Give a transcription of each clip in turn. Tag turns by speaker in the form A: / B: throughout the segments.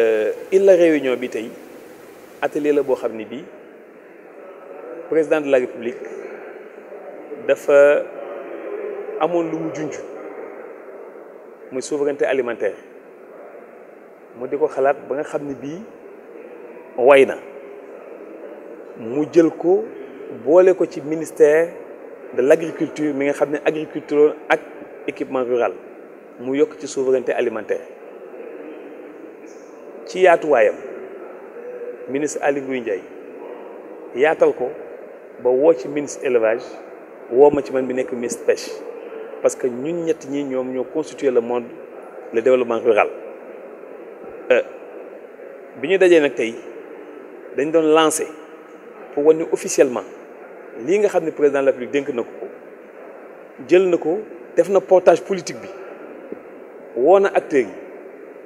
A: Euh, illa réunion bi tay atelier la bo xam président de la république dafa amon lu mu junj muy souveraineté alimentaire mu diko xalat ba nga xam bi wayna jël ko ko ci ministère de l'agriculture mi nga agriculture ak équipement rural mu yok ci souveraineté alimentaire ci yaatuwaayam ministre Ali Ngouille Ndiaye yaatal ko ba woo ci ministre élevage woo ma ci man bi nekk ministre pêche parce que ñun ñett ñi ñoom ñoo constituer le monde le développement rural euh, bi ñu dajee nag tey dañ doon lancé pour wane officiellement lii nga xam ne président de la République dénk na ko jël na ko def na portage politique bi woo na acteurs yi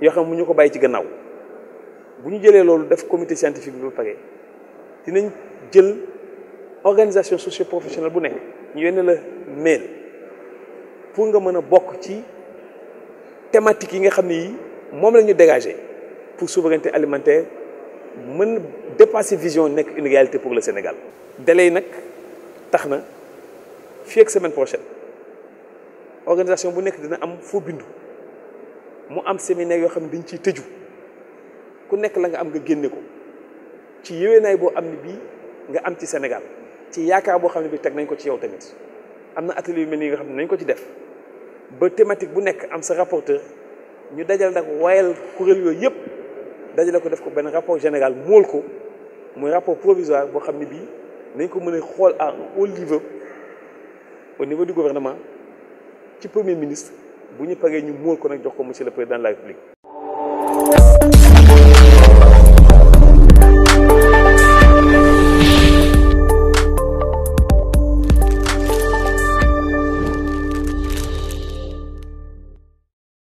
A: yo xam ñu ko ci gannaaw comité scientifique bu dinañ jël organisation socio-professionnelle bu mail pour nga ci thématique yi nga la souveraineté alimentaire mën dépasser vision nekk une réalité pour le Sénégal délai nak taxna fi semaine prochaine organisation bu mu am séminaire yo xamni ne dañ ciy ku nek la nga am nga génne ko ci bo am nga am ci Sénégal ci yaakaar bo xamni bi nañ ko ci yow tamit amna atelier yu nga xamni nañ ko ci def ba thématique bu am sa rapporteur ñu dajal rapport général ko rapport provisoire a au niveau du gouvernement ci premier ministre bu ñu paree ñu muur ko nag jox ko monsieur le président de la république